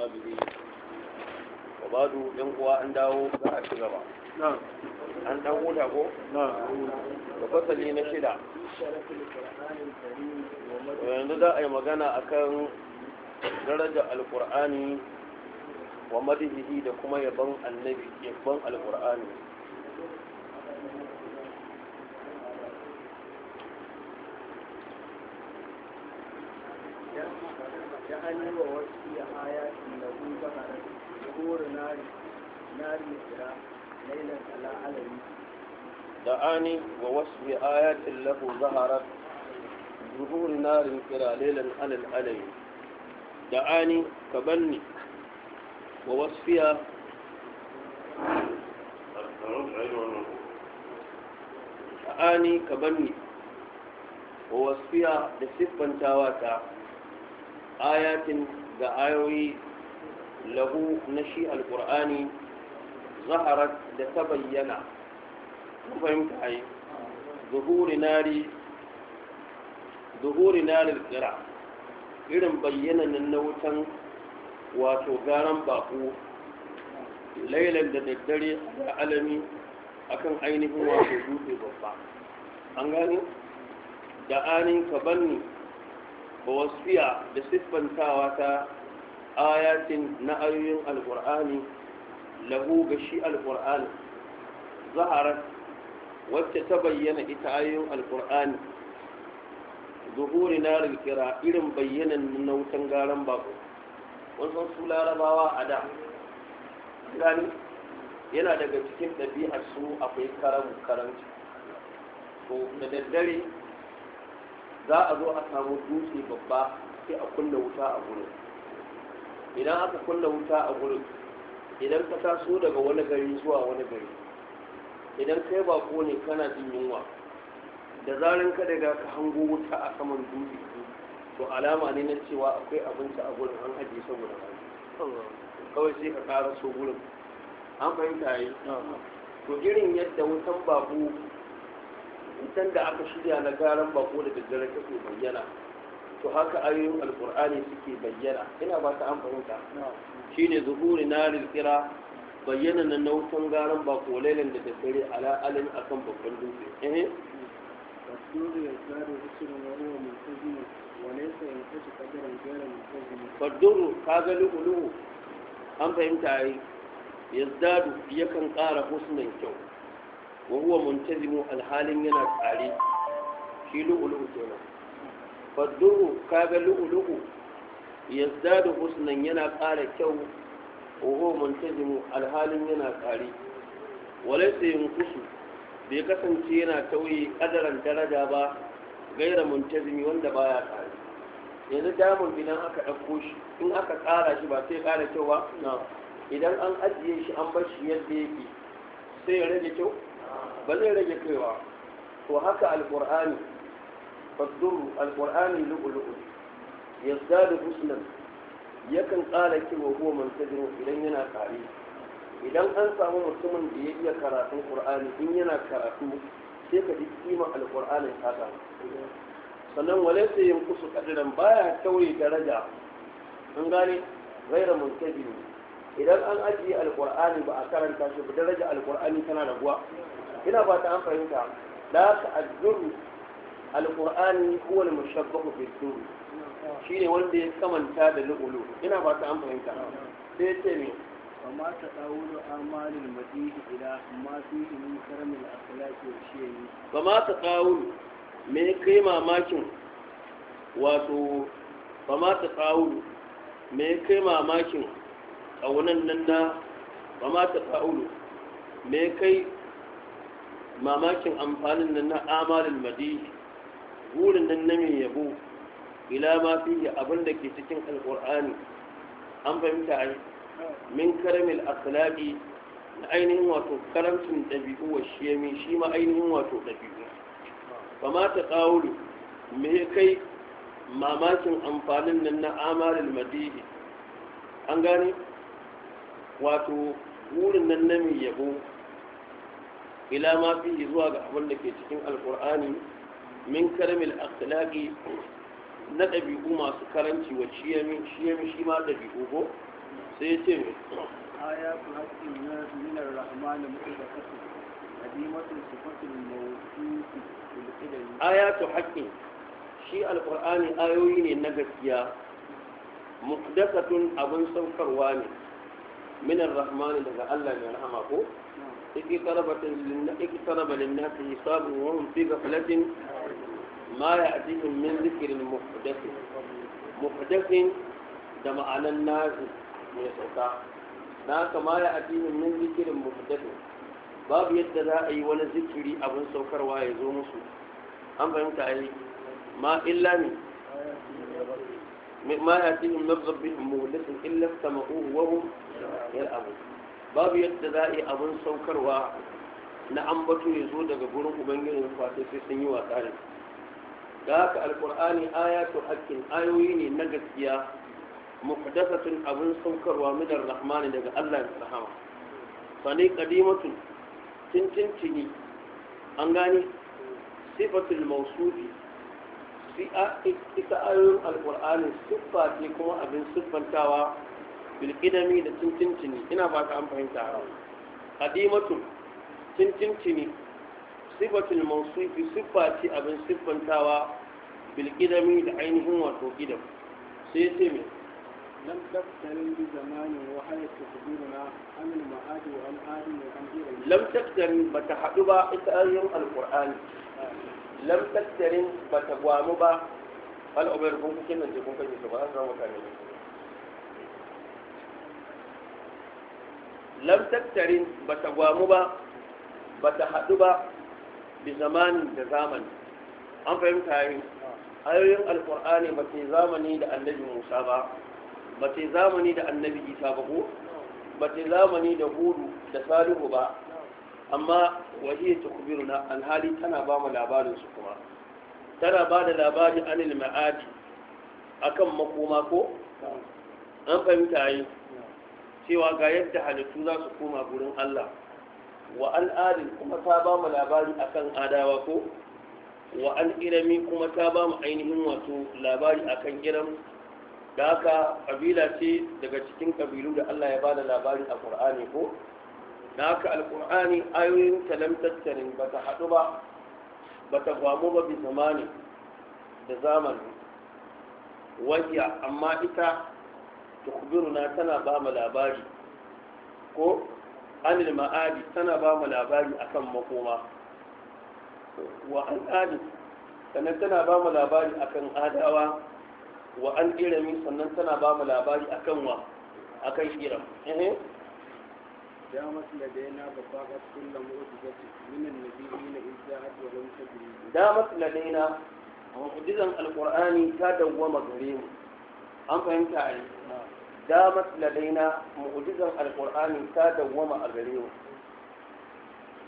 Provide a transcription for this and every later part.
hadhihi wa ba'du an dawo za a ci gaba an dawo da ko na'am ko fasali na shida yanzu za a yi magana akan daraja alqur'ani wa madhihi da kuma Yaban annabi دعاني ووصف آيات له ظهرت ظهور نار كرا ليلا على العلي دعاني كبني ووصفها دعاني كبني ووصفها لسفن تاواتا آيات دعاوي lahu na shi alƙur'ani zaharar da ta bayyana ku fahimta a yi zuhuri narin tsira irin bayyananin na wutan wato gyaran baƙo lailan da daddare da alami akan ainihin wato dutse babba da anin ka banni ba da siffantawa ta ayatin na ayoyin alkur'ani lahu ga shi alkur'ani zaharar wacce ta bayyana ita ayoyin alkur'ani zuhuri na rikira irin bayyanan na wutan garan bako wasan su larabawa a da gani yana daga cikin ɗabi'ar su akwai karamu karanci to da daddare za a zo a samu dutse babba sai a kunna wuta a gurin idan aka kunna wuta a gurin idan ka taso daga wani gari zuwa wani gari idan kai bako ne kana jin yunwa da zarin ka daga ka hango wuta a saman dutse to alama ne na cewa akwai abinci a gurin an haje saboda kawai sai ka ƙara so gurin an fahimta yi to irin yadda wutan bako wutan da aka shirya na garan bako da daddare take bayyana to haka ayoyin alkur'ani suke bayyana ina ba ta amfanta Shi ne zuhuri na rikira bayyana na nautan garan ba ko lailan da ta fere ala alin kan babban dutse eh fadduru kaga lu'ulu'u an fahimta yi yazdadu yakan ƙara husnan kyau wa huwa muntazimu alhalin yana tsare shi lu'ulu'u kenan fadduhu kaga lu'ulu'u yazdadu husnan yana ƙara kyau oho muntajimu alhalin yana ƙari walaysa yunqusu bai kasance yana tauye kadaran daraja ba gaira muntajimi wanda baya ƙari yanzu diamond idan aka ɗauko shi in aka ƙara shi ba sai ƙara kyau ba idan an ajiye shi an bar shi yadda yake sai ya rage kyau ba zai rage kaiwa to haka alƙur'ani فالدر القرآن لؤلؤ يزداد حسنا yakan ƙara kiwo huwa mantajin idan yana ƙare idan an samu mutumin da ya iya karatun ƙur'ani in yana karatu sai ka ji kima alƙur'anin haka sannan wale sai yin kusu ƙadiran baya kawai daraja an gane raira muntaji idan an ajiye alƙur'ani ba a karanta shi ba daraja alƙur'ani tana raguwa ina ba ta an fahimta da haka azzurru alƙur'ani huwa al fi bi shi ne wanda ya kamanta da lu'ulu ina ba ta amfahimta ta sai ce Ba amma ta tawulu amalin madihi ila amma fihi min karamil akhlaqi wa shayyi kama ta tawulu me kai mamakin wato ma ta tawulu me kai mamakin kaunan nan na ma ta tawulu me kai mamakin amfanin nan na amalin madihi burin nan na mai yabo ila ma fiye abin da ke cikin alkur'ani an fahimta ai min karamil akhlaqi na ainihin wato karamcin dabi'u wa shiyami shi ma ainihin wato dabi'u. Ba ma ta ƙawulu me kai mamakin amfanin nan na amalin madihi an gane wato burin nan na mai yabo ila ma fiye zuwa ga abin da ke cikin alkur'ani min karamil akhlaqi na ɗabi'u masu karanci wa ciyami ciyami shi ma ɗabi'u ko sai ce mai ayatu haqqin min shi alqur'ani ayoyi ne na gaskiya muqaddasatun abin saukarwa ne min rahmanin daga Allah mai rahama ko اقترب للناس حسابهم وهم في غفلة ما يأتيهم من ذكر محدث محدث da ma'anan nazi mai sauka na kama ya min zikirin muhaddathin babu yadda za a yi wani zikiri abin saukarwa ya zo musu an fahimta a yi ma illa ne ma ya addinin yar abu babu yadda za a yi abin saukarwa na ambato ya zo daga gurin ubangijin fata sai sun yi wasa ne da haka alkur'ani ayatu hakkin ayoyi ne na gaskiya muhdathatun abin saukarwa midar rahmani daga Allah ya rahama sani qadimatun tintintini an gane sifatul mawsufi ita ayoyin alkur'ani siffa ce kuma abin siffantawa bilkidami da tintintini ina ba ka an fahimta a hadimatu tintintini sifatul mausufi siffa ce abin siffantawa bilkidami da ainihin wato gidan, sai ce mai لم تقترن بزمان وحي تخبرنا عن المعاد وعن آدم وعن إبراهيم لم تقترن بتحدبا إتأيم القرآن لم تقترن بتقوام با هل أبركم كنا نجيبكم كنا نجيبكم كنا نجيبكم lam tattarin ba ta gwamu ba ba ta haɗu ba bi zamanin da zamani an fahimta yi ayoyin alkur'ani ba ce zamani da annabi musa ba ba ce zamani da annabi isa ba ko ba ce zamani da hudu da salihu ba amma wahiyar ta kubiru na alhali tana ba mu labarin su kuma tana ba da labari anil ma'adi akan makoma ko an fahimta yi cewa ga yadda halittu za su koma gurin Allah wa al'adin kuma ta ba mu labari akan adawa ko wa al'irami kuma ta ba mu ainihin wato labari akan iram da haka ƙabila ce daga cikin ƙabilu da Allah ya ba da labari a ƙur'ani ko da aka alƙur'ani ayoyin talam ba ta haɗu ba ba ta kwamu ba bi zamani da zamani wajiya amma ita tukbiruna tana ba mu labari ko anil ma'adi tana ba mu labari akan makoma wa an adi sannan tana ba mu labari akan adawa wa an irami sannan tana ba mu labari akan wa akan iram eh دامت لدينا بطاقة كل معجزة من النبيين إذ جاءت ولم na, دامت لدينا ta القرآن تدوم mu, an fahimta a damat ladaina mu'jizan alqur'ani ta dawwama a gare mu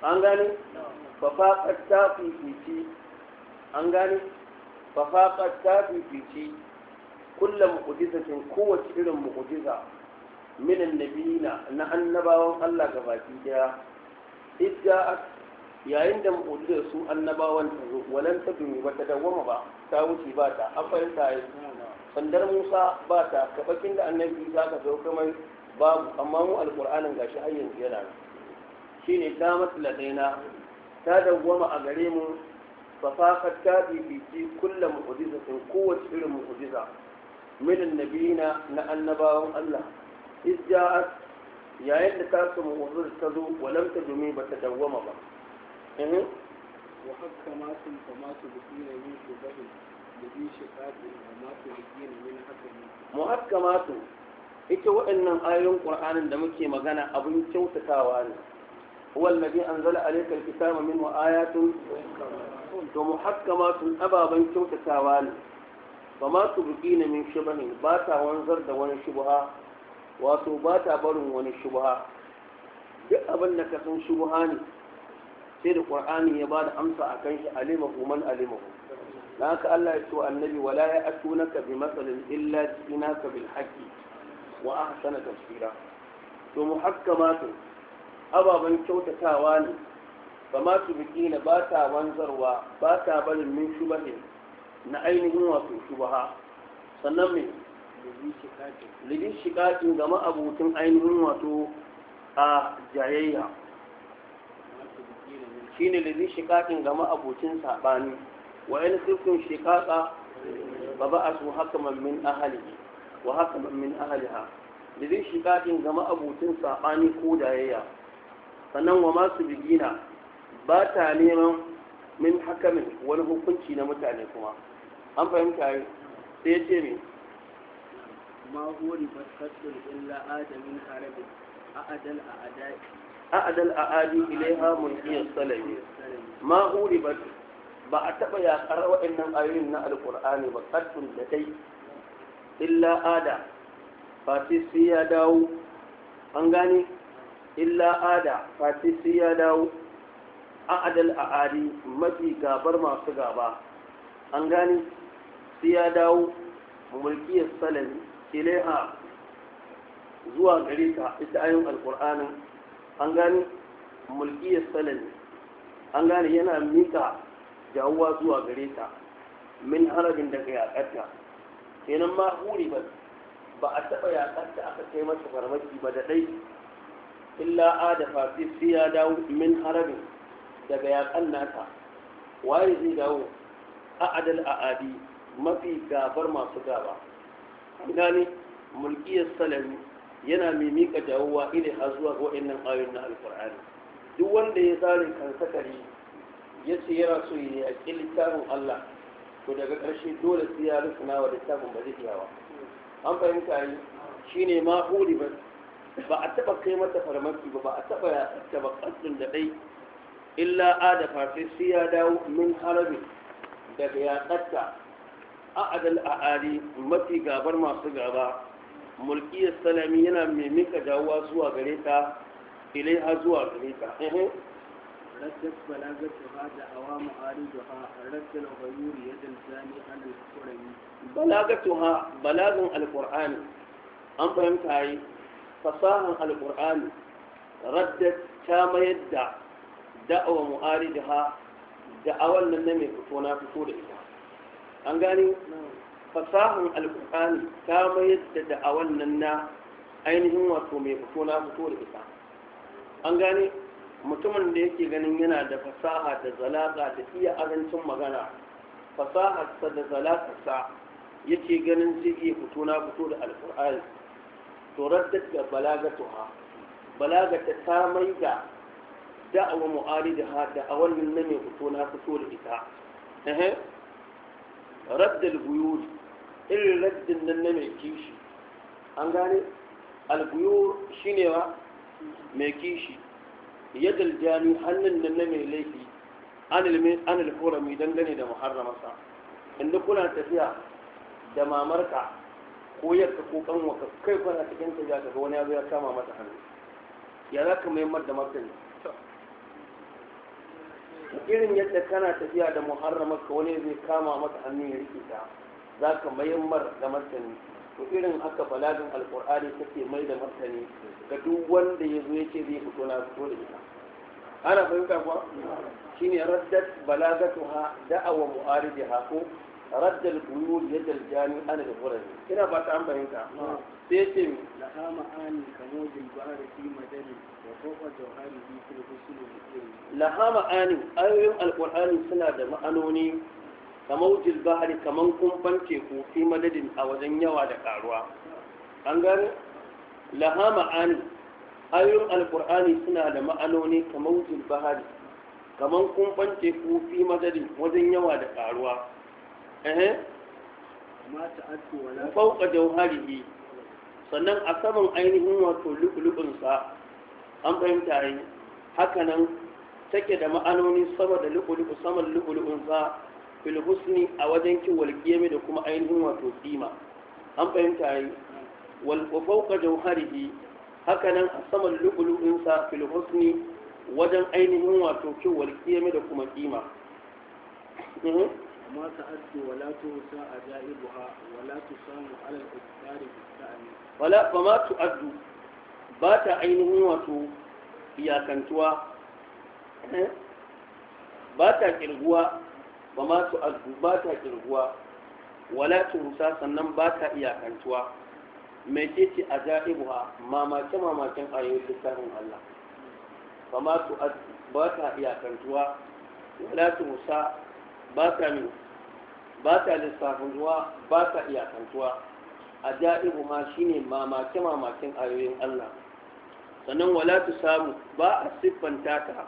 an gane fa faqat ta fifici an gane fa faqat ta fifici kullu mu'jizatin kowace irin mu'jiza min annabiyina na annabawan Allah gabaki daya idda yayin da mu'jizar su annabawan ta zo walan ta dumi ba ta dawwama ba ta wuce ba ta ya yi sandar musa ba ta kafakin da annabi isa ka sauka mai babu amma mu alƙur'anin gashi har yanzu yana Shi shine ta masladaina ta dawwama a gare mu fasahar ta bibici kulla mu'ujiza sun kowace irin mu'ujiza min nabiyina na annabawan Allah izja'at yayin da ta su mu'ujiza ta zo walam ta jumi ba ta dawwama ba wa hakka ma sun fama su bi ne muhakkamatu ita waɗannan ayoyin ƙur'anin da muke magana abun kyautatawa ne wallabi an zala alaikar kitaba min wa ayatun to muhakkamatu ababen kyautatawa ne ba ma su min shubahin ba ta wanzar da wani shubuha wato ba ta barin wani shubaha. duk abin da ka san shubuha ne sai da ƙur'ani ya bada amsa a shi alimahu man alimahu na haka Allah ya ce wa annabi wala ya atunaka bi masalin illa jinaka bil haqqi wa ahsana tafsira to muhakkamatu ababan kyautatawa ne ba ma su bikina ba ta wanzarwa ba ta barin min shubahin na ainihin wato shubaha sannan me lidin shiƙaƙin gama abokin ainihin wato a jayayya shine lidin shiƙaƙin gama abokin saɓani وإن خفتم شقاقا فبعثوا حكما من أهله وحكما من أهلها لذي شقاق gama أبو تنسى ko dayayya. sannan wa masu bigina ba ta neman min hakamin wani hukunci na mutane kuma an fahimta yi sai ce mai ma hori illa adamin harabin a'adal a adai a'adal a adi ilaiha mulkiyar salami ma hori ba a taɓa yaƙar waɗannan ayoyin na alƙur'ani ba ƙarfin da dai illa ada fati ya dawo an gane illa ada fati ya dawo a a'adi mafi gabar masu gaba an gane sai ya dawo mulkiyar salami ilaiha zuwa gare ta ita ayin alƙur'anin an gane mulkiyar salami an gane yana mika jawuwa zuwa gare ta min harabin daga yaƙarta kenan ma huri ba ba a taɓa ta aka kai masa farmaki ba da ɗai illa a da sai ya dawo min harabin daga yaƙan nata waye zai dawo a adal a adi mafi gabar masu gaba an mulkiyar salami yana mai miƙa iri a har zuwa ga waɗannan ayoyin na alƙur'ani duk wanda ya zare kan sakari ya ce yana so ya yaƙi littafin Allah to daga ƙarshe dole sai ya rufina wa littafin ba zai iyawa an fahimta yi shi ne ma ba ba a taɓa kai mata farmaki ba ba a taɓa yaƙarta ba ƙasɗin da ɗai illa a da sai ya dawo min harabi daga yaƙarta a adal a ari mafi gabar masu gaba mulkiyar salami yana mai mika dawowa zuwa gare ta ilai zuwa gare ta ردت بلاغتها دعوى معارضها رد الغيور يد الزاني عن القرآن بلاغتها بلاغ القرآن أم فهمت هاي فصاحا القرآن ردت كما يدع دعوى معارضها دعوى لنا من فتونا فتور إذا an gani fasahun alkur'ani ta mayar da da'awar nan na ainihin wato mai fito na fito da ita an gane mutumin da yake ganin yana da fasaha da zalaka da iya azancin magana fasaharsa da zalakarsa yake ganin zai iya fito na fito da alkur'ani to raddat ga balagatuha balagata ta mai da da'awa a wannan na mai fito na fito da ita raddar raddal buyuri irin raddin nan na mai kishi an gane shi shine wa mai kishi yadda jami hannun nan na mai laifi an alfurami dangane da muharramarsa inda kuna tafiya da mamarka ko yarka ko kanwaka kai kwana cikin ta ga wani ya ya kama mata hannu ya za ka maimar da martani irin yadda kana tafiya da muharramarka wani zai kama mata hannu ya rike ta za ka maimar da martani to irin haka baladin alkur'ani take mai da martani ga duk wanda ya zo yake zai fito na fito da ita ana fahimta kuwa shine raddat balagatuha da'awa mu'aridiha ko رد البيوت يد الجاني أنا الغرز هنا بات عم بينك سيتم لها معاني كموج البحر في مدن وفوق جوهره في الحسن لها ayoyin أيوم suna da ma'anoni. kamaujil bahari kamar kumfan teku fi madadin a wajen yawa da karuwa an gani laha ma'ani ayoyin alkur'ani suna da ma'anoni kamaujil bahari kamar kumfan teku fi madadin wajen yawa da karuwa ehe fauka jauharihi sannan a saman ainihin wato lukulukunsa an fahimta yi hakanan take da ma'anoni sama da lukulubu saman lukulukunsa fil a wajen kin wal da kuma ainihin wato kima an fahimta yi wal fawqa jawharihi haka nan a saman lu'ulu'in sa fil husni wajen ainihin wato kin wal da kuma kima ما تأدي ولا تنسى أجائبها ولا تسام على الإكثار بالتأمين ولا فما تؤدي بات عينه ba يا كنتوا eh? ba ba ma su azu ba ta kirguwa wala sannan ba ta iyakantuwa mai ce ce a ja'ibuwa ha mamakin ayoyin littafin Allah ba ma su azu ba ta iyakantuwa wala rusa ba ta ne ba ta lissafin ruwa ba ta iyakantuwa a ma shine mamace mamakin ayoyin Allah sannan wala ta samu ba a siffanta ta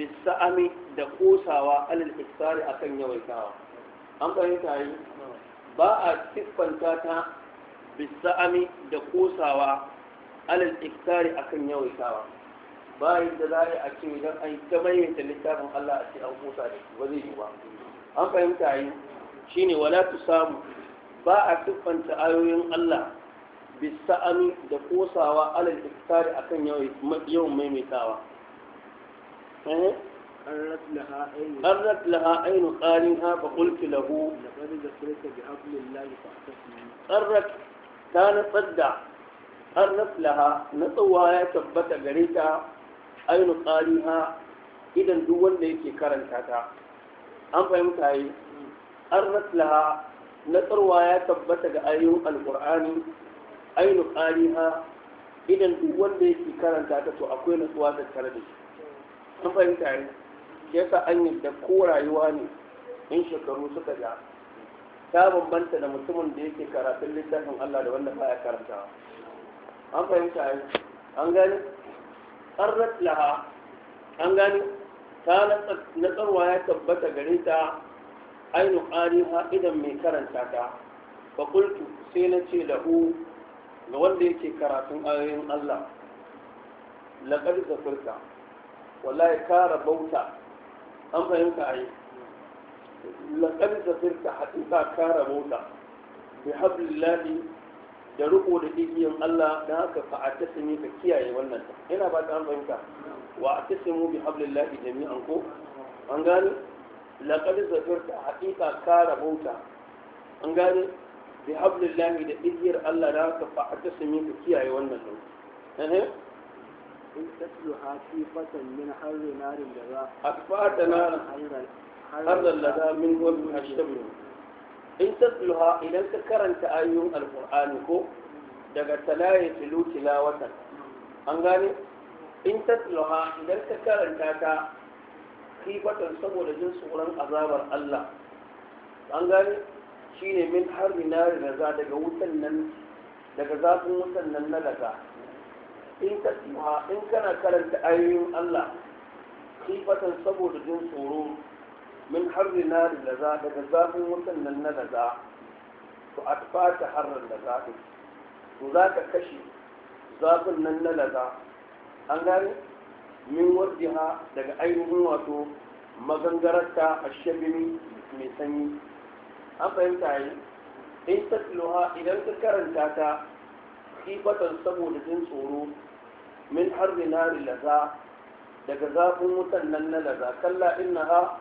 bisa'ami da kosawa alal iksari akan yawaitawa an fahimta yi ba a siffanta ta bisa'ami da kosawa alal iksari akan yawaitawa ba yadda za a ce idan an ta bayyanta littafin Allah a ce an kosa da shi ba zai yi ba an fahimta yi shine wala tu samu ba a siffanta ayoyin Allah bisa'ami da kosawa alal iksari akan yawan maimaitawa قرت لها عين قارنها فقلت له قرت كان صدع قرت لها نطوى يا غريتا عين قارنها اذا دول ليك an fahimta yi an raslaha natsarwa ya tabbata ga ayoyin alkur'ani ainu ha idan duk wanda yake karanta ta to akwai nutsuwa tattare da shi sun fahimta ne yasa an yi da ko rayuwa ne in shekaru suka ja ta bambanta da mutumin da yake karatun littafin Allah da wanda baya karantawa an fahimta ne an gani qarrat laha an gani ta natsarwa ya tabbata gare ta ainu ariha idan mai karanta ta fa sai na ce lahu ga wanda yake karatun ayoyin Allah da furta wallahi ka bauta, an fahimta a yi laƙar zafirka haɗuka ka rabauta bi hablillahi da riko da igiyan Allah da haka fa a tasimi ka kiyaye wannan ina ba ta an fahimta wa a tasimu bi hablillahi jami'an ko an gane laƙar zafirka haɗuka ka bauta, an gane bi hablillahi da igiyar Allah da haka fa a tasimi ka kiyaye wannan ɗin in tatluha fi fatan min harri narin da za akfata narin harran da za min wani ashtabu in tatluha idan ka karanta ayoyin alqur'ani ko daga talaye tilu tilawatan an gane in tatluha idan ka karanta ta fatan saboda jin tsoron azabar Allah an gane shi ne min harri narin da za daga wutan nan daga zafin wutan nan na daga in ka tsima in kana karanta ayoyin Allah kifatan saboda jin tsoro min harri na da za daga zafin wutan nan na da za to a fata harran da za to za ka kashe zafin nan na da za an gane min ha daga ainihin wato magangararta a shabini mai sanyi an fahimta yi in tatluha idan ka karanta ta kifatan saboda jin tsoro min harri nari laza daga zafin wutan nan na laza kalla ha?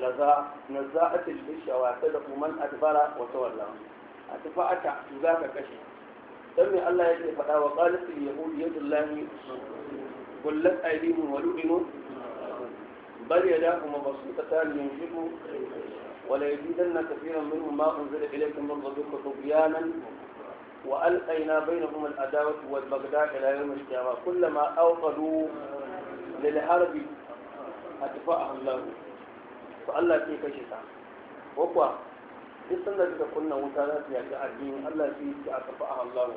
laza nazza'atil bishawa ta da kuman adbara wata tawalla a tufa tafa'ata za ka kashe dan me Allah yake faɗa wa qalatil yahud yadullahi kullat aydihim wa lu'inu bal yadahu mabsuutatan yunfiqu ولا يزيدن كثيرا منهم ما انزل اليكم من ربكم طغيانا وألقينا بينهم الأداوة والبغداء إلى يوم القيامة كلما أوقدوا للحرب أدفعها الله فالله كي كشتا وقوى إسان لك كنا وتالات يا الدين الله كي أدفعها الله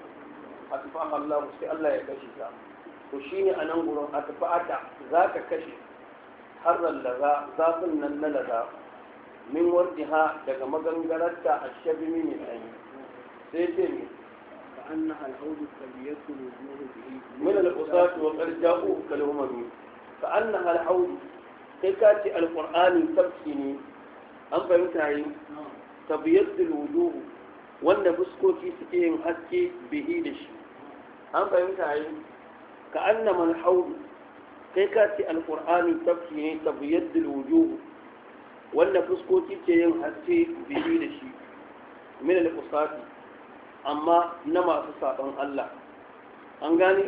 أدفعها الله سي الله يا كشتا وشيني أنا أقول أدفعت ذاك كشت حر اللغا ذاك النلغا من وردها daga magangararta a shabi mini sai ce ne وأنها العود الطبيعة الوجوه به من العصاة وقد جاءوه كالهمم فأنها العود تكاتي القرآن تبكيني أم فهمتني طبيعة الوجوه wanda fuskoki suke yin haske bihi da shi an fahimta yi ka annamal haudu kai ka ce alkur'ani tafki ne tabiyyar wanda fuskoki yin haske da shi min amma na masu saɓon Allah an gane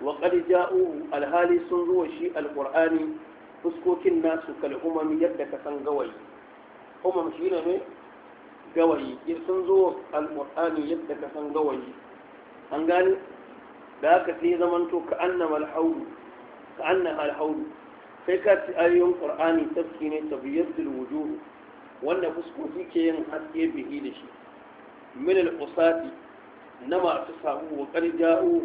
wa ja'uhu alhali sun zuwa shi alƙur'ani fuskokin nasu kal'umami yadda ka san gawayi umam shi ne gawayi sun zuwa alƙur'ani yadda ka san gawayi an gane da haka sai zamanto ka annama alhauru ka annama alhauru sai ka ci ayoyin ƙur'ani tafki ne tabiyyar wujuhu wanda fuskoki ke yin haske bihi da shi من القصات نما اعتصابوه وقد جاءوه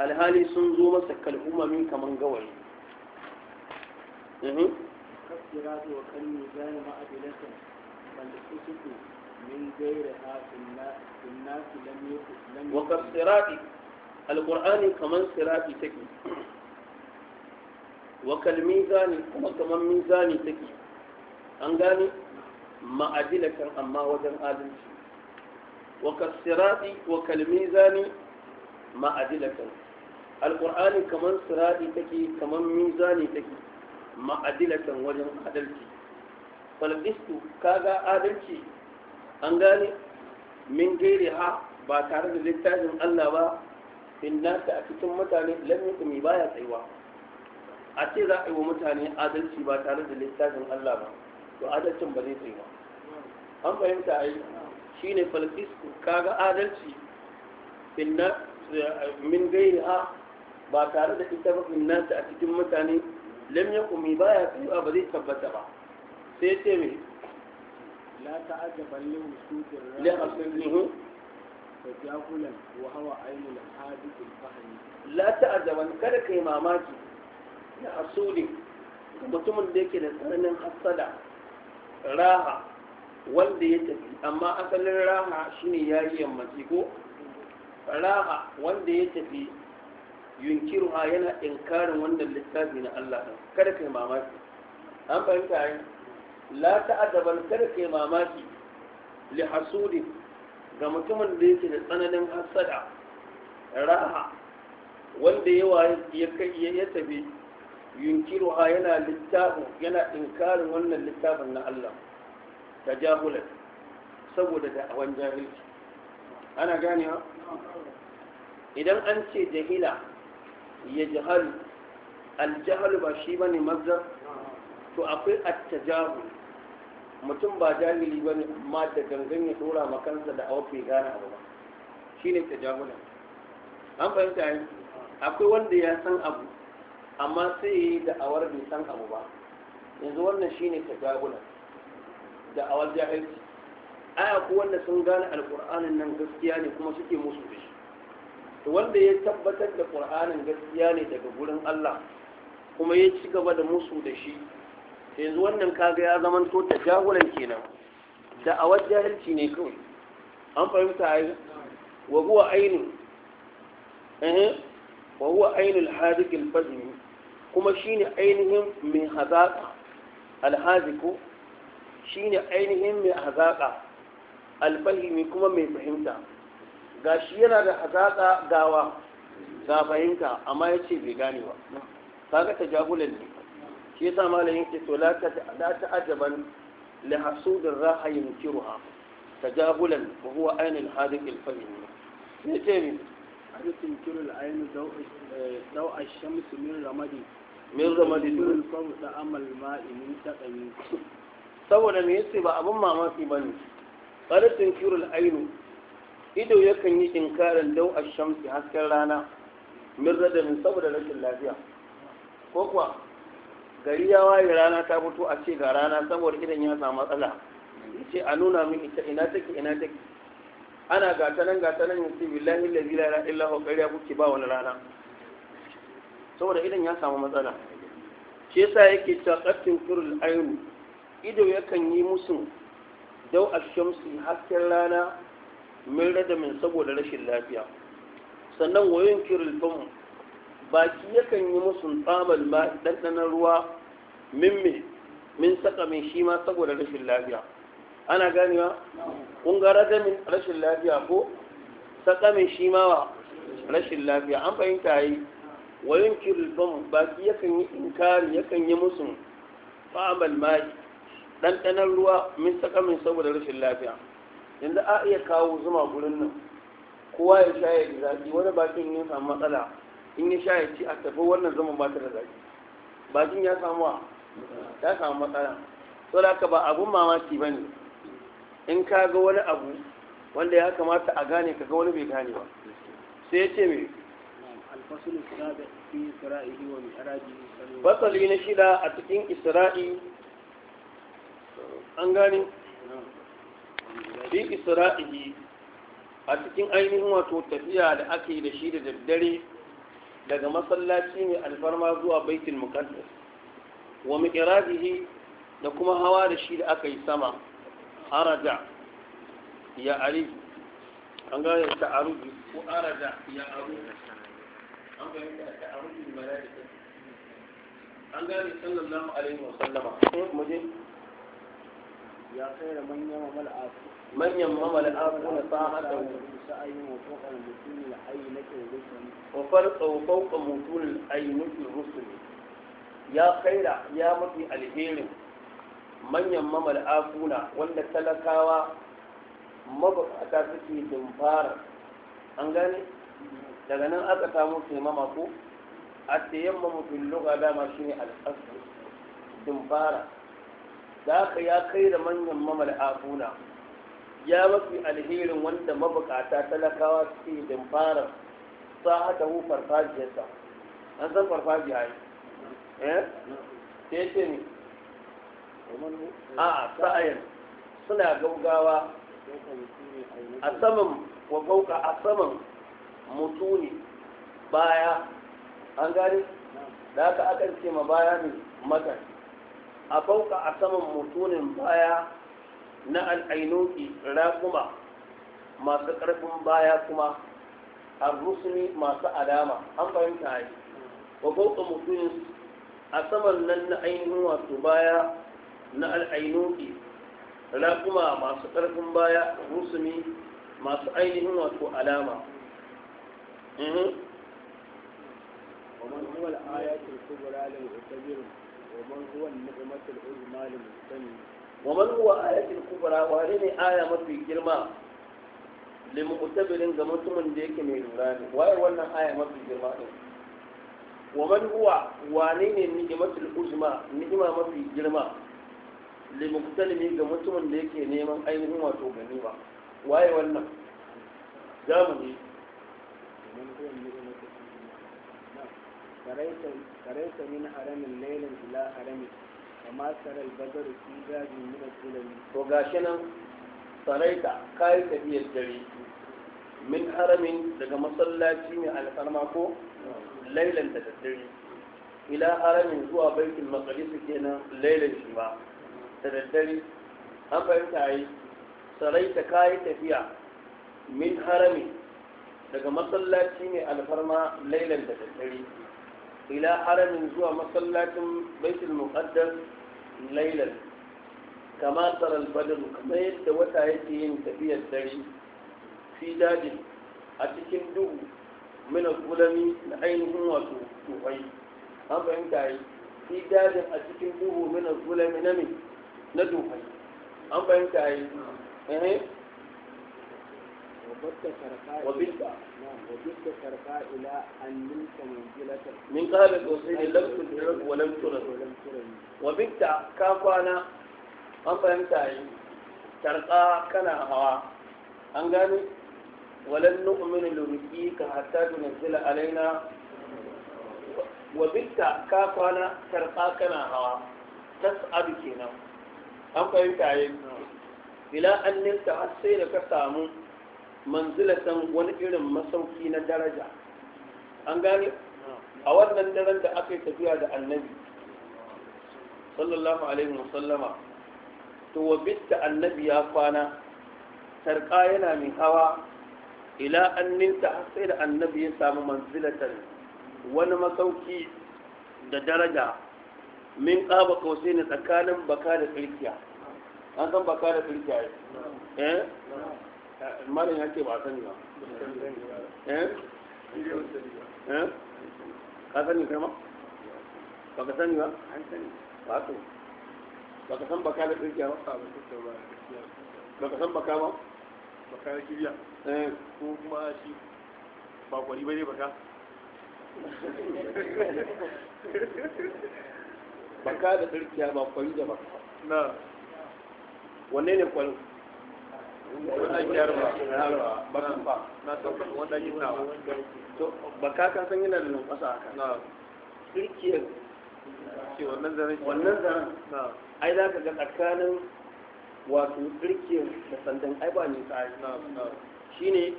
الهالي سنزو مسك الأمم كمن قوي وكالميزان إيه؟ ما أدلت بل قصدوا من غيرها في الناس لم يكن وكفرات القرآن كمن سراتي تكي وكالميزان وكمن ميزاني تكي أنغاني ما أدلت أما وجن آدم wa kasirati wa kalmizani ma'adilatan alqur'ani kaman sirati take kaman mizani take ma'adilatan wajen adalci falqistu kaga adalci an gane min gairi ha ba tare da littafin Allah ba inna ta a cikin mutane lam yakumi baya tsayuwa a ce za a yi wa mutane adalci ba tare da littafin Allah ba to adalcin ba zai tsaye an fahimta a yi shine falfisku kaga adalci inna eh, min gairiha ba tare da ita ba nasa a cikin mutane lam ba baya kaiwa ba zai tabbata ba sai ce mai la ta'ajjaban lahu sudur la aslihu tajahulan wa hawa ainul hadith al-fahmi la ta'ajjaban kada kai mamaki na asuli mutumin da yake da tsananin hassada raha wanda ya tafi amma asalin raha shine ya yi yammaci ko raha wanda ya tafi yunkiruha yana inkarin wannan littafi na Allah ɗin kada kai mamaki an fahimta yi la ta'adaban kada kai mamaki li hasudi ga mutumin da yake da tsananin hasada raha wanda yawa ya kai ya tafi yunkiruha yana littafi yana inkarin wannan littafin na Allah da jahulan saboda da'awan jahilci ana ganewa idan an ce jahila ya jahalu aljahalu ba shi ba ne mazdar to akwai attajahu mutum ba jahili ba ne amma da gangan ya tura makansa da awa bai gane abu ba shi ne tajahulan an fahimta yi akwai wanda ya san abu amma sai yi da awar bai san abu ba yanzu wannan shi ne tajahulan da awal jahilci aya ko wanda sun gane alƙur'anin nan gaskiya ne kuma suke musu da shi wanda ya tabbatar da ƙur'anin gaskiya ne daga gurin Allah kuma ya ci gaba da musu da shi yanzu wannan kaga ya zama to ta jahulan kenan da awal jahilci ne kawai an fahimta ai wa huwa ainu eh wa huwa ainu al-hadiq kuma shine ainihin min hadaka al-hadiku shine ainihin mai hazaƙa alfahimi kuma mai fahimta ga shi yana da hazaƙa gawa ga fahimta amma ya ce bai gane ba kaga ta jahulan ne shi yasa malamin ke to la ta ajaban li hasudin rahayin ta jahulan wa huwa ainul hadiq alfahimi ne ce ne hadisin kirul ainu dawa shamsu min ramadi min ramadi dun fa ta'amal ma'i min taqamin saboda me yace ba abin mamaki bane qala tunkirul ainu ido yakan yi inkarin dau ash-shamsi hasken rana min radabin saboda rashin lafiya ko kuwa gari ya waye rana ta fito a ce ga rana saboda idan ya samu matsala ce a nuna min ita ina take ina take ana gata nan gata nan yace billahi la ilaha illa huwa qariya kuke ba wani rana saboda idan ya samu matsala shi yasa yake ta qattin kurul ayru ido yakan yi musu dau a shamsi hasken rana min saboda rashin lafiya sannan wayon kirilfin baki yakan yi musu tsamal ma ɗanɗanar ruwa min min saka min shi ma saboda rashin lafiya ana ganewa kun ga min rashin lafiya ko saka min shi ma wa rashin lafiya an fahimta yi wayon kirilfin baki yakan yi inkari yakan yi musu tsamal ma. ɗanɗanar ruwa min sakamin saboda rashin lafiya yanzu a iya kawo zuma gurin nan kowa ya sha ya zaƙi wani bakin ya samu matsala in ya sha ya ci a tafi wannan zuma ba ta da zaƙi bakin ya samu ya samu matsala so da haka ba abun mamaki ba ne in ka ga wani abu wanda ya kamata a gane ka ga wani bai gane ba sai ya ce mai fasali na shida a cikin isra'i an gane fi isra'ihi a cikin ainihin wato tafiya da ake da shi da daddare daga masallaci mai alfarma zuwa baitul muqaddas wa miqradihi da kuma hawa da shi da aka yi sama haraja ya ali an gane arudi ko araja ya arudi an ta arudi malaika an gane sallallahu alaihi wa sallama mu je Manyan mamal man yamal afu man yamal afu na sa'ata wa sa'ayi wa mutunin mutun al-aynati rusuli ya kaira ya mafi alherin manyan mamal afuna wanda talakawa mabukata suke dumfara an gane daga nan aka samu taimama ko a tayammamu fil lugha dama shine ne asr dumfara da haka ya kai da manyan mamal afuna ya mafi alherin wanda mabukata talakawa suke yi fara sa sa'ata hu farfajiyarsa an san farfajiya yi eh ne a sa'ayin suna gaugawa a saman wa gauka a saman mutuni baya an gani da aka akan ce ma baya ne matan a fauka a saman mutunin baya na al'ainuki raƙuma masu ƙarfin baya kuma a rusuni masu alama an fahimta yi wa fauka mutunin a saman nan na ainihin wato baya na al'ainuki raƙuma masu ƙarfin baya rusuni masu ainihin wato alama ومن هو الآيات الكبرى للمعتبرين ومن هو النعمة العظمى للمسلمين ومن هو آية الكبرى وهذه آية ما في جرمى لمقتبل كما تمن ديك من الغراني وهي وانا آية ما في جرمى ومن هو وانين النعمة العظمى نعمة ما في جرمى لمقتلم كما تمن ديك نيمان أينهم وتوغنيما وهي وانا جامعي ومن هو النعمة كريت من حرم الليل الى حرمك وما سرى البدر في باب من الظلم وغاشنا سريت كاي تبي الجري من حرم دغ مصلاتي من على فرماكو ليلا تتدري الى حرم هو بيت المقدس كنا ليلا شبا تتدري an fahimta yi sarai ta kayi tafiya min harami daga masallaci mai alfarma تتدري ila haramin zuwa masallacin baitul muqaddas laylan kama tsaral badr kamar yadda wata yake yin tafiyar dare fi dajin a cikin duhu min al-gulami na ainihin wato tuhai an fahimta yi fi dajin a cikin duhu min al-gulami na min na tuhai an fahimta yi وبدت سرقاء نعم، إلى أن منك منزلة من قبل الوصيل لم تدرك ولم ترد وبدت كافو أم فهمت عين سرقاء كان هوا أنقاني ولن نؤمن لرجيك حتى تنزل علينا وبدت كافو أنا سرقاء هوا تسعد كينا أم فهمت نعم. إلى أن نلتعصي لك سامو manzilatan wani irin masauki na daraja an gane a wannan daren da aka yi tafiya da annabi sallallahu alaihi wasallama to wa bitta annabi ya kwana sarƙa yana min hawa ila anninta sai da annabi ya samu manzilatan wani masauki da daraja min ƙaba kausai ne tsakanin baka da tsirkiya an san baka da tsirkiya eh malam ya ba sani ba eh eh ka sani kai ma ba ka sani ba an sani ba to ba ka san baka da ba ba ka san baka ba baka da eh. ko kuma shi ba kwari baka baka da ba kwari da baka na wanne ne ba ka san yana da numfasa haka tsirkiyar wannan zaren ai za ka ga tsakanin wato tsirkiyar da sandan ai ba ne tsari shi ne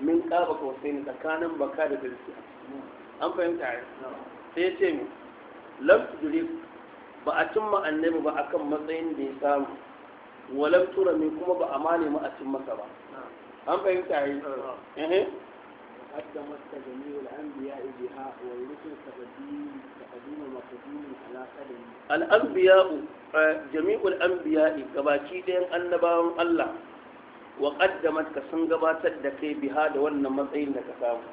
min ƙaba kawasai ne tsakanin baka da tsirkiya an fahimta ya sai ce mu lam ba a cimma annabi ba akan matsayin da ya samu walar tura mai kuma ba a ma nemi ba an fahimta yi ehe hadda masta ga ni wal anbiya ibi ha wa rusul sabadin sabadin maqdum ala qadim al anbiya eh, jami'ul anbiya gabaki dayan annabawan Allah wa qaddamat sun gabatar da kai biha da wannan matsayin da ka samu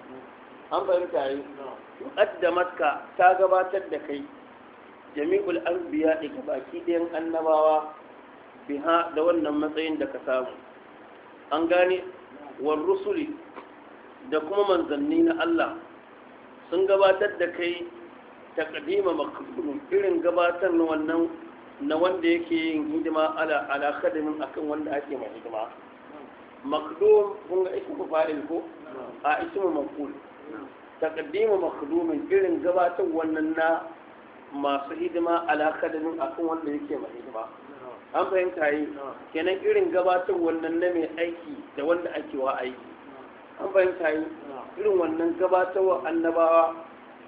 an fahimta yi qaddamat ka ta gabatar da kai jami'ul anbiya gabaki dayan annabawa biha da wannan matsayin da ka samu an gane war rusuli da kuma manzanni na Allah sun gabatar da kai taqdima maqbulun irin gabatar na wannan na wanda yake yin hidima ala ala khadimin akan wanda ake mai hidima maqdum kun ga ismu fa'il ko a ismu maqul taqdima maqdumin irin gabatar wannan na masu hidima ala khadimin akan wanda yake mai hidima an fahimta yi kenan irin gabatar wannan na mai aiki da wanda ake wa aiki an fahimta yi irin wannan gabatarwa annabawa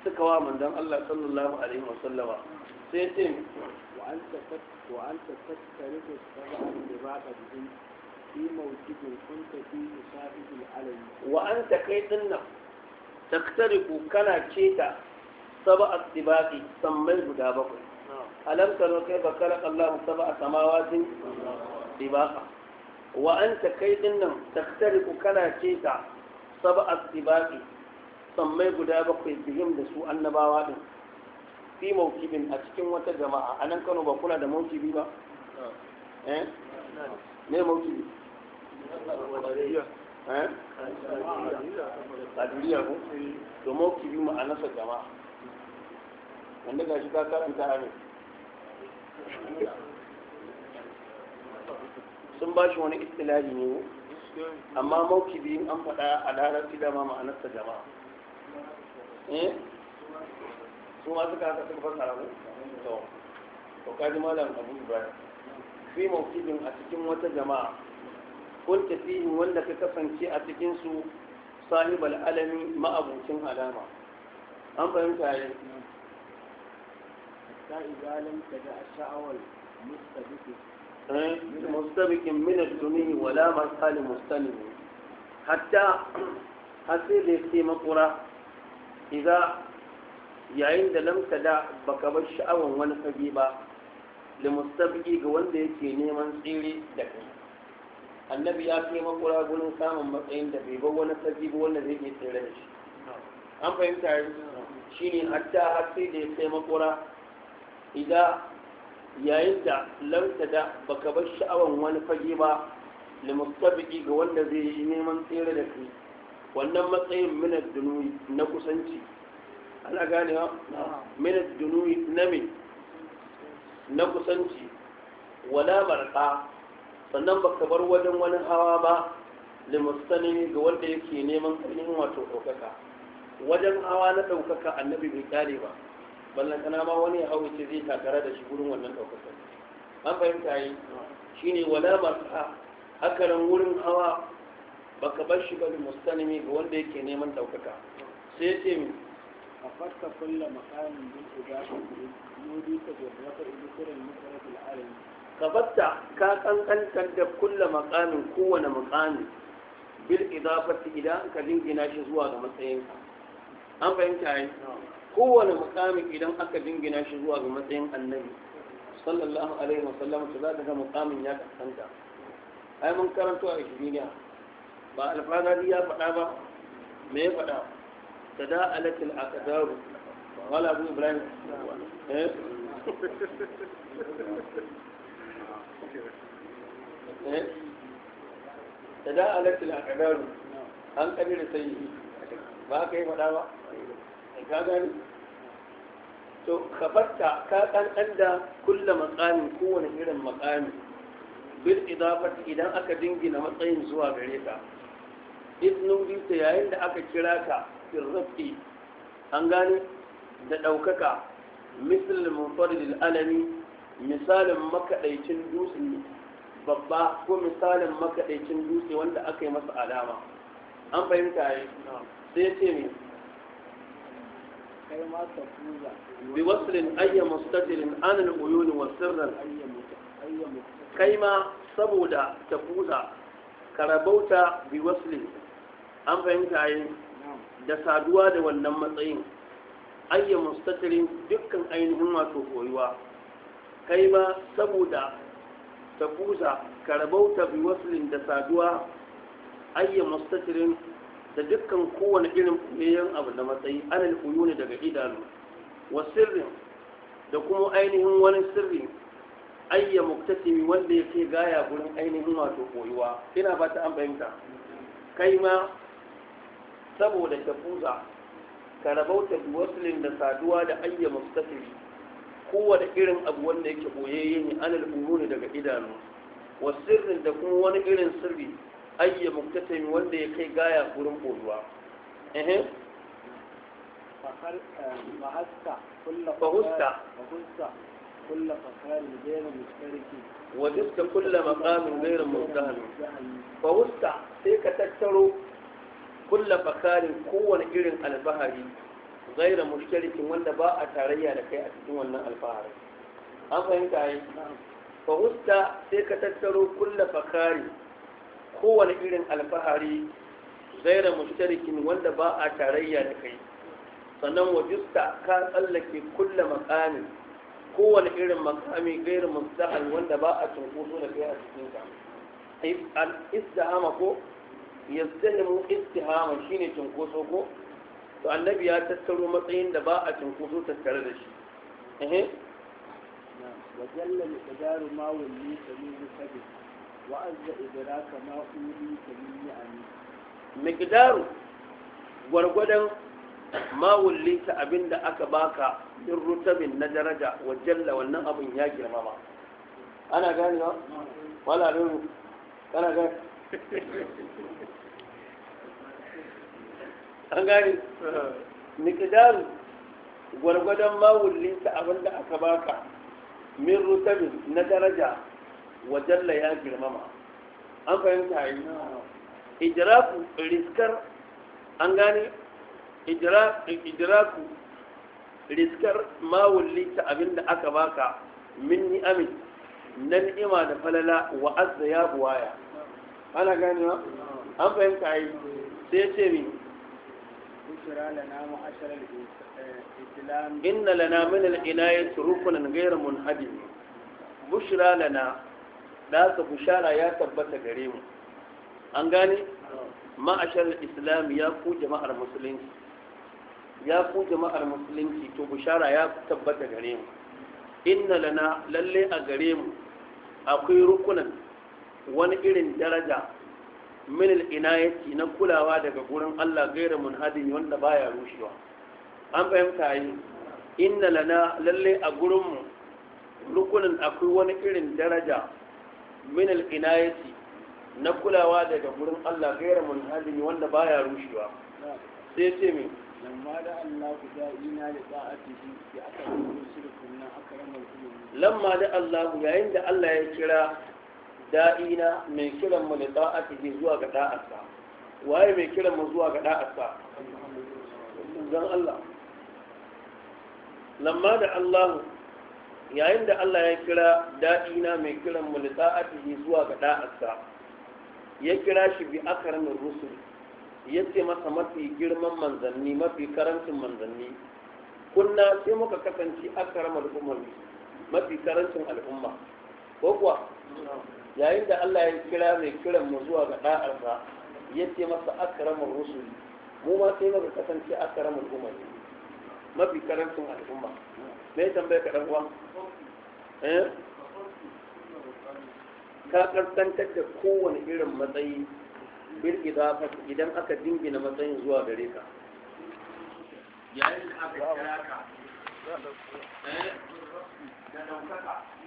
suka wa manzon Allah sallallahu alaihi wasallama sai ce Wa'anta anta wa anta da sab'an bi baqa bihim fi mawjidin kunta fi musabidil alayhi wa anta kai dinnan tattariku kana ce ta sab'a tibaqi sammai guda bakwai alam taro kai ba kalaka Allah sabu a samawatin ibaka wa an ta kai tare ku kana ce ta saba a ibaki sammai guda bakwai bihim da su annabawa din fi maukibin a cikin wata jama'a a nan Kano ba kula da maukibi ba eh ne mawkibi eh kadiriya ko jama'a wanda shi ta karanta a sun ba shi wani istilahi ne amma mauki biyun an faɗa a larabci dama ma'anarsa jama'a eh su ma suka haka suka fassara mu to to kaji malam abu ibrahim fi mawqidin a cikin wata jama'a kun tafihin wanda ka kasance a cikin su sahibal alami ma'abucin alama an fahimta مستبك من الدنيا ولا مسال مستلم حتى حسير في مقرى إذا yayin da lamta da baka bar sha'awar wani fage ba da mustabiki ga wanda yake neman tsere da kai annabi ya kai makura gurin samun matsayin da bai bar wani fage ba wanda zai iya tsere da shi an sai da ya kai makura ida yayin da lamta da baka bar sha'awan wani fage ba da mustabiki ga wanda zai yi neman tsere da kai wannan matsayin minar dunuyi na kusanci ana gane ha minar dunuyi na mai na kusanci wala barka sannan baka bar wajen wani hawa ba da mustani ga wanda yake neman ainihin wato ɗaukaka wajen hawa na ɗaukaka annabi bai kare ba ballan kana ma wani ya hawo ce zai takara da shi gurin wannan ɗaukakar an fahimta yi Shi shine wala masa hakaran wurin hawa ba ka bar shi bari mustanimi ga wanda yake neman ɗaukaka sai ya ce min a farka kulla makamin bin uba yodi ta gabata ilu kiran mutaratul alami ka batta ka kankantar da kulla makamin kowane makamin bil idafati idan ka dingina shi zuwa ga matsayinka an fahimta yi kowane mukamin idan aka jingina shi zuwa ga matsayin annabi sallallahu alaihi wasallam to za ka ga mukamin ya kasanta ai mun karanto a ishiriniya ba alfadari ya fada ba me ya faɗa tada alatil aqdar wala abu ibrahim eh tada alatil aqdar an kabi da sayyi ba kai fada ba ka gani to ka farta ka kankan da kulla makamin kowane irin makami bil idafat idan aka dingina matsayin zuwa gare ka idnuri ta yayin da aka kira ka firrafi an gane da ɗaukaka misal munfarid alami misalin makaɗaicin dutse babba ko misalin makaɗaicin dutse wanda aka yi masa alama an fahimta yi sai ce ne بوصل أي مستتر عن العيون وسرا كيما سبودا تفوزا karabauta bi wasli an fahimta yi da saduwa da wannan matsayin ayya mustatirin dukkan ainihin wato koyuwa kai ma saboda ta kusa karabauta bi da saduwa ayya mustatirin da dukkan kowane irin ɓoyayyen abu da matsayi uyu ne daga idanu wa sirrin da kuma ainihin wani sirri ayya muktasimi wanda ya ke gaya gurin ainihin wato koyuwa ina ba ta an fahimta kai ma saboda shafuza ka rabauta wasulin da saduwa da ayya muktasimi kowane irin abu wanda yake boyayye ne uyu ne daga idanu wa sirrin da kuma wani irin sirri ayya muktasimi wanda ya kai gaya gurin boduwa ehe fahusta eh, fahusta kulla fakarin gairin mustariki wajista makamin gairin mustahami fahusta sai ka tattaro kulla fakarin kowane irin albahari gairin mustarikin wanda ba a tarayya da kai a cikin wannan alfaharin an fahimta yi fahusta sai ka tattaro kulla fakarin kowane irin alfahari zaira mushtarikin wanda ba a tarayya da kai sannan wajusta ka tsallake kulla makamin kowane irin makami gaira mustahal wanda ba a cunkoso da kai a cikin ka al-istihama ko yazdalimu istihama shine cunkoso ko to annabi ya tattaro matsayin da ba a cunkoso tattare da shi eh wajalla li tadaru ma walli sami sabbi wa'azza idraka ma uri kamiyyi ani miqdaru gwargwadon ma abinda aka baka din rutabin na daraja wa wannan abin ya girmama ana ba wala an miqdaru gwargwadon na daraja wajalla ya girmama an fahimta yi ijiraku riskar an gane ijiraku riskar mawulli ta abin da aka baka min ni'amin na ni'ima da falala wa azza ya buwaya ana gane ba an fahimta yi sai ce mi inna lana min al-inayati rukunan ghayr munhadim bushra lana da haka bushara ya tabbata gare mu an gane ma'ashar islam ya ku jama'ar musulunci ya ku jama'ar musulunci to bushara ya tabbata gare mu inna lana lalle a gare mu akwai rukunan wani irin daraja min al-inayati na kulawa daga gurin Allah gaira munhadin wanda baya rushewa an fahimta yi inna lana lalle a gurinmu mu rukunin akwai wani irin daraja min al-inayati na kulawa daga gurin Allah gairar munhalimi wanda baya rushewa sai ce mai lamma da Allah ku yi shirkun lamma da Allah yayin da Allah ya kira da'ina mai kiran mu da ta'atihi zuwa ga da'arsa waye mai kiran mu zuwa ga da'arsa zan Allah lamma da Allah yayin da Allah ya kira da'ina mai kiran mu lita'atihi zuwa ga da'arsa ya kira shi bi akramin rusul ce masa mafi girman manzanni mafi karancin manzanni kunna sai muka kasance akramul al'umma mafi karancin al'umma ko kuwa yayin da Allah ya kira mai kiran mu zuwa ga da'arsa ce masa akramul rusul mu ma sai muka kasance akramul al'umma mafi karancin al'umma me tambaya ka dan uwa eh ka karkantar da kowane irin matsayi bil idafa idan aka dingina matsayin zuwa gare ka yayin da aka kira ka eh da daukaka